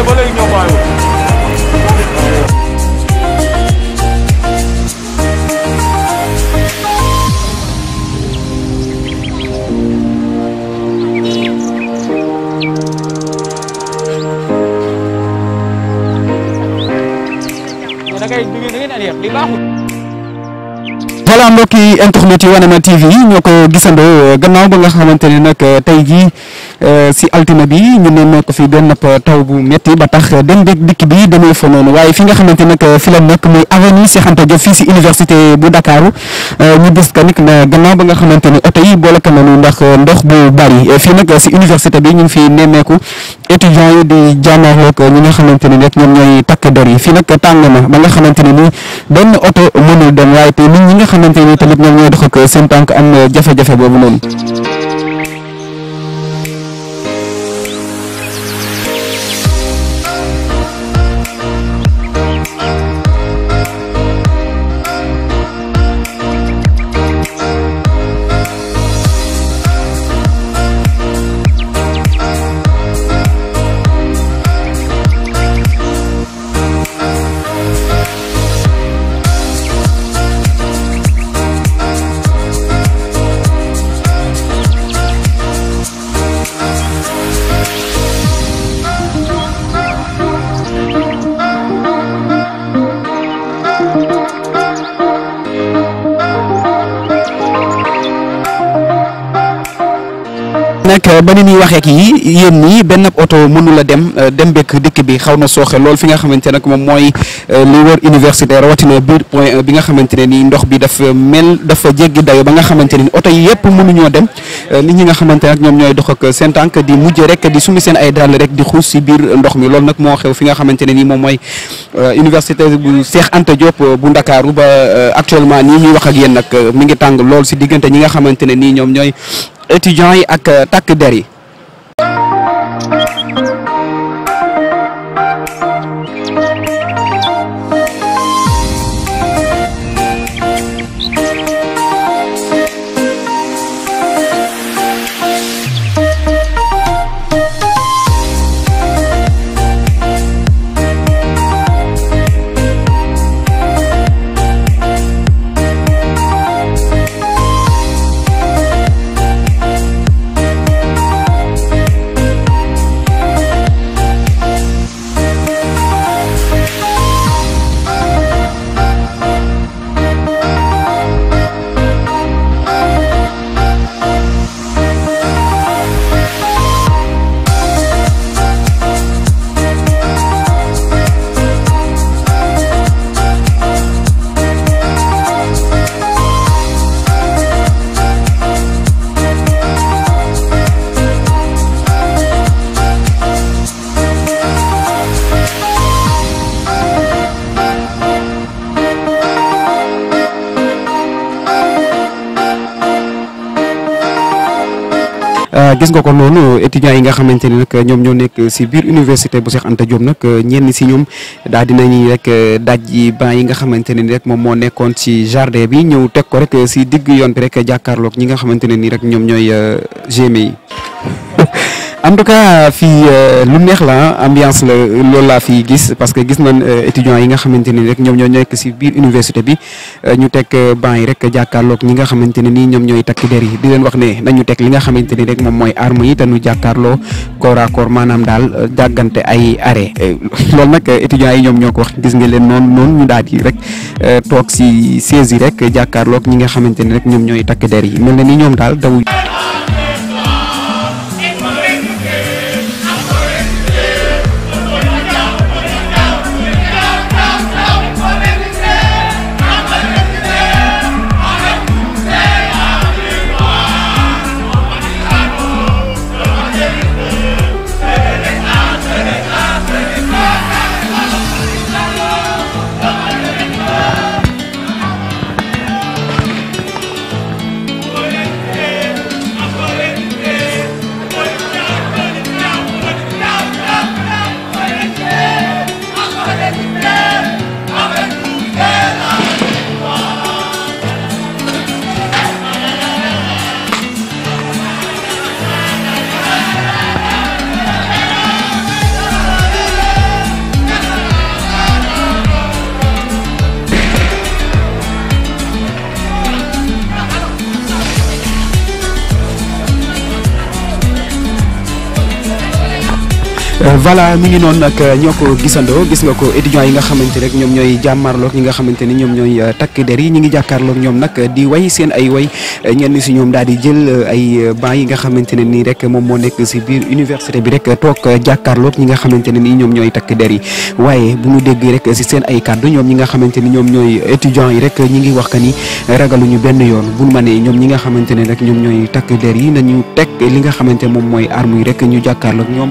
Hai vô linh nhiều rồi cái cái cái địa điểm đi bóc voilà mbokki internet yi Wanema TV ñoo ko gisandoo euh, gannaaw ba nga xamante ne nag euh, tey jii euh, si altine bi ñu ne ko fi benn taw bu métti ba tax dem beeg dikk bi demee fa noonu fi nga xamante nag fi la nekk muy avenue Cheikh Anta Diop fii si université bu Dakar ñu nga xamante ne oto yi boole ko noonu ndax ndox bu bari fii nag si université bi ñu ngi fi nemmeeku étudiants yi di jàmmarloog ñi nga xamante ne nag ñoom ñooy takk dor yi fii nag tàng na ba nga xamante ne ni benn oto mënul dem waaye te nit ñi nga xamante ni tamit ñoom ñoo dox seen tànk am jafe-jafe boobu noonu. nag euh, ba ni ñuy waxeek yi yéen nii benn oto mënu la dem euh, dem bekk dikk bi xaw na sooxe lool fi nga xamante nag moom mooy euh, li wër université rawatina biir bi nga xamante ne nii ndox bi dafa mel dafa jéggi day ba nga xamante ne ni oto yi yëpp mënuñoo dem nit ñi nga xamante nag ñoom ñooy dox ak seen tànk di mujj rek di sumi seen ay dàll rek di xuus si biir ndox mi loolu nag moo xew fi nga xamante ne nii moom mooy université bu Cheikh Anta Diop bu Ndakaaru ba actuellement nii ñuy wax ak yéen nag mi ngi tàng lool si diggante ñi nga xamante ne nii ñoom ñooy étudiants yi ak euh, takk der yi. gis nga ko noonu étudiants yi nga xamante ni nag ñoom ñoo nekk si biir université bu Cheikh Anta Diop nag ñenn si ñoom daal dinañuy rek eh, daaj yi ban yi nga xamante ne rek moom moo nekkoon si jardin bi ñëw teg ko rek si digg yoon bi rek jàkkaarloog ñi nga xamante ne ni rek ñoom ñooy eh, GMI e yi en fi cas fii euh, lu neex la ambiance la loolu laa fi gis parce que gis na euh, étudiants yi nga xamante ni rek ñoom ñoo nekk si biir université bi euh, ñu teg banc rek jàkkaarloog ñi nga xamante ne nii ñoom ñooy takk der yi di leen wax ne nañu teg li nga xamante ni rek moom mooy arme yi te ñu jàkkaarloo corps à maanaam daal jàggante ay arrêt loolu nag étudiants yi ñoom ñoo ko wax gis nga leen noonu noonu ñu daal di rek toog si siège rek jàkkaarloog ñi nga xamante ni rek ñoom ñooy takk der yi mel na ni ñoom daal daw Euh, voilà mi ngi noonu nag euh, ñoo ko gisandoo gis nga ko étudiants yi nga xamante rek ñoom ñooy jàmmarloog ñi nga xamante ni ñoom ñooy euh, takk der yi ñi ngi jàkkaarloog ñoom nag di way seen ay way ñenn si daal di jël ay banc yi nga xamante ne nii rek moom moo nekk si biir université bi rek toog jàkkaarloog ñi nga xamante ne nii ñoom ñooy takk yi waaye bu ñu dégg rek si seen ay kàddu ñoom ñi nga xamante ni ñoom ñooy étudiants yi rek ñi ngi wax ka ni ragalu ñu benn yoon bu ñu mënee ñoom ñi nga xamante ne rek ñoom ñooy takk der yi nañu tek li nga xamante moom mooy armu yi rek ñu jàkkaarloog ñoom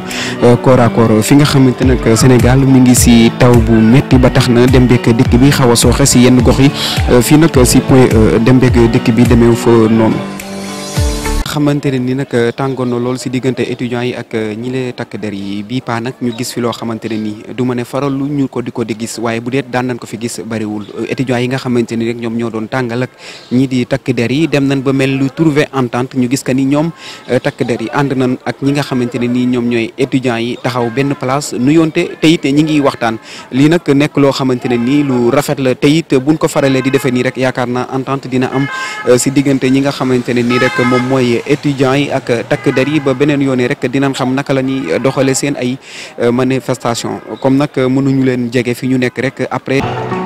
d'accord fi nga xamante nag Sénégal mi ngi si taw bu métti ba tax na dem beeg dikk bi xaw a sooxe si yenn gox yi fii nag si point euh, dem beeg dikk bi demeewu fa noonu. xamante ni nak euh, tangono lol ci digënté étudiant yi ak euh, ñi lee takk der yi bi pa nak ñu gis fi lo xamante ni du ma faral lu ñu ko diko di gis waye bu dee daan nañ ko fi gis bariwul euh, étudiant yi nga xamante rek ñom ñoo doon tangal ak ñi di tak der yi dem nañ ba mel lu trouver entente ñu gis ka ni ñom tak der yi and nañ ak ñi nga ni ñom ñoy étudiant yi taxaw benn place nuyonte te it ñi ngi waxtaan li nak nek lo ni lu rafet la te buñ ko faralé di défé ya rek yaakaar na entente dina am ci digënté ñi nga xamante ni rek mom moy étudiants yi ak takk der yi ba beneen yoon rek dinañ xam naka la ñuy doxale seen ay euh, manifestation comme nag euh, mënuñu leen jege fi ñu nekk rek après